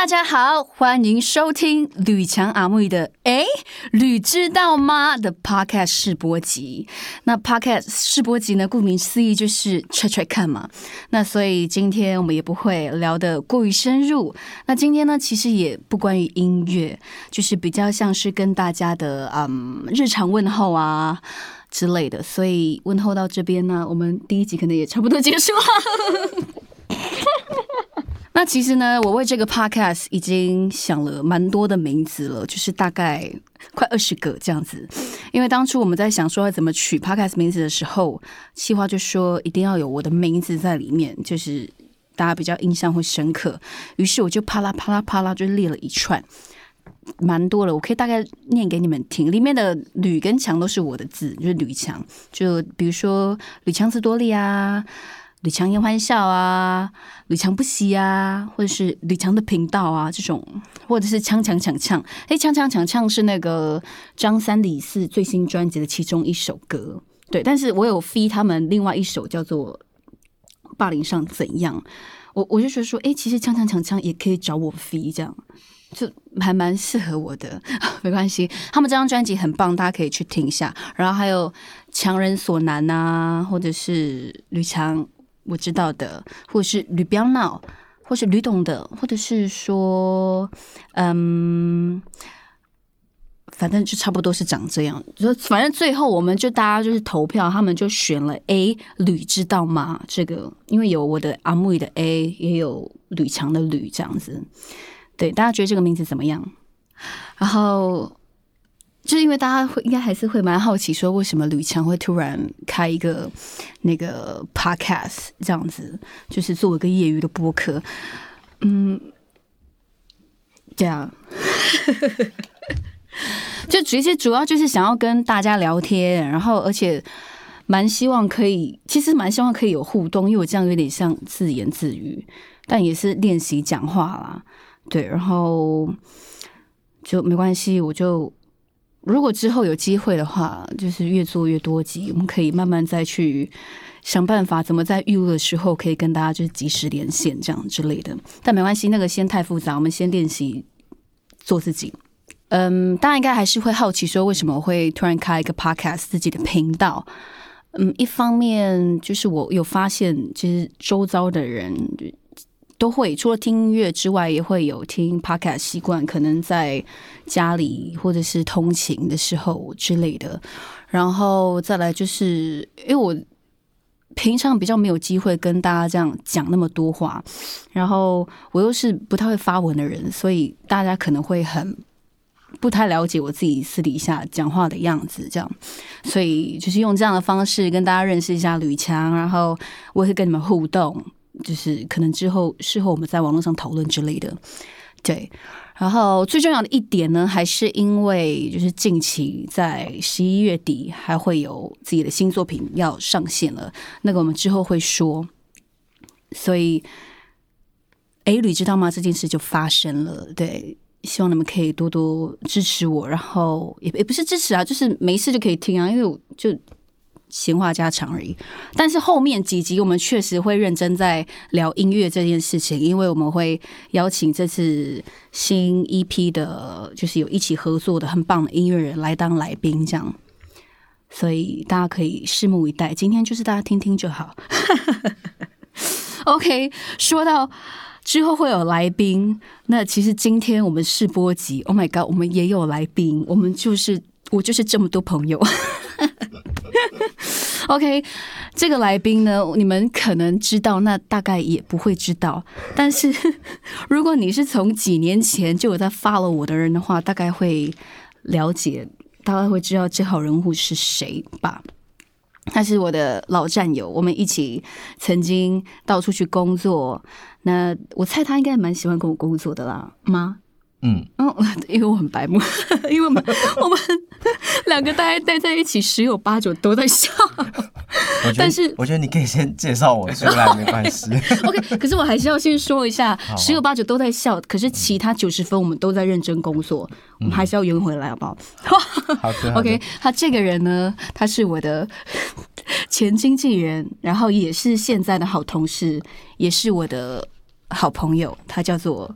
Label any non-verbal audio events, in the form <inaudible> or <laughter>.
大家好，歡迎收聽呂薔 Amuyi 的《哎呂知道嗎》的 Podcast 試播集。那 Podcast 試播集呢，顧名思義就是吹吹看嘛。那所以今天我們也不會聊得過於深入。那今天呢，其實也不關於音樂，就是比較像是跟大家的嗯日常問候啊之類的。所以問候到這邊呢，我們第一集可能也差不多結束了，啊。 <laughs> 那其實呢，我為這個 podcast 已經想了蠻多的名字了，就是大概快二十個這樣子。因為當初我們在想說要怎麼取 podcast 名字的時候，企劃就說一定要有我的名字在裡面，就是大家比較印象會深刻。於是我就啪啦啪啦啪啦，就列了一串，蠻多了。我可以大概念給你們聽，裡面的呂跟薔都是我的字，就是呂薔，就比如說呂薔斯多利啊。呂強顏歡笑啊，呂強不息啊，或者是呂強的頻道啊，這種或者是鏘鏘鏘鏘。誒鏘鏘鏘鏘是那個張三李四最新專輯的其中一首歌，對，但是我有 fee 他們另外一首叫做《霸凌上怎樣》我，我我就覺得說，誒、欸、其實鏘鏘鏘鏘也可以找我 fee，這樣就還蠻適合我的，沒關係，他們這張專輯很棒，大家可以去聽一下，然後還有強人所難啊，或者是呂強。我知道的，或者是呂彪鬧，或是呂懂的，或者是說，嗯，反正就差不多是長這樣。就反正最後我們就大家就是投票，他們就選了 A 呂，知道嗎？這個因為有我的 Amuyi 的 A，也有呂薔的呂，這樣子。對，大家覺得這個名字怎麼樣？然後。就是因為大家會應該還是會蠻好奇，說為什麼呂薔會突然開一個那個 podcast 這樣子，就是做一個業餘的播客。嗯，這樣。就其實主要就是想要跟大家聊天，然後而且蠻希望可以，其實蠻希望可以有互動，因為我這樣有點像自言自語，但也是練習講話啦。對，然後就沒關係，我就。如果之後有機會的話，就是越做越多集，我們可以慢慢再去想辦法，怎麼在預錄的時候可以跟大家就是及時連線這樣之類的。但沒關係，那個先太複雜，我們先練習做自己。嗯，大家應該還是會好奇說，為什麼我會突然開一個 podcast 自己的頻道？嗯，一方面就是我有發現，其實周遭的人。都會除了聽音樂之外，也會有聽 podcast 習慣，可能在家裡或者是通勤的時候之類的。然後再來就是，因為我平常比較沒有機會跟大家這樣講那麼多話，然後我又是不太會發文的人，所以大家可能會很不太了解我自己私底下講話的樣子，這樣。所以就是用這樣的方式跟大家認識一下呂薔，然後我會跟你們互動。就是可能之後事後我們在網絡上討論之類的，對。然後最重要的一點呢，還是因為就是近期在十一月底還會有自己的新作品要上線了，那個我們之後會說。所以，欸，你知道嗎？這件事就發生了。對，希望你們可以多多支持我。然後也也不是支持啊，就是沒事就可以聽啊，因為我就。閒話家常而已，但是後面幾集我們確實會認真在聊音樂這件事情，因為我們會邀請這次新一批的，就是有一起合作的很棒的音樂人來當來賓，這樣，所以大家可以拭目以待。今天就是大家聽聽就好。 <laughs> OK，說到之後會有來賓，那其實今天我們試播集，Oh my God，我們也有來賓，我們就是我就是這麼多朋友。OK，這個來賓呢，你們可能知道，那大概也不會知道。但是，呵呵如果你是從幾年前就有在 follow 我的人的話，大概會了解，大概會知道這號人物是誰吧。他是我的老戰友，我們一起曾經到處去工作。那我猜他應該蠻喜歡跟我工作的啦，媽。嗯嗯，因為我很白目，因為我們我們兩個大概待在一起十有八九都在笑，但是我覺得你可以先介紹我出來沒關係。OK，可是我還是要先說一下，十有八九都在笑，可是其他九十分我們都在認真工作，我們還是要圓回來好不好？OK，他這個人呢，他是我的前經紀人，然後也是現在的好同事，也是我的好朋友，他叫做。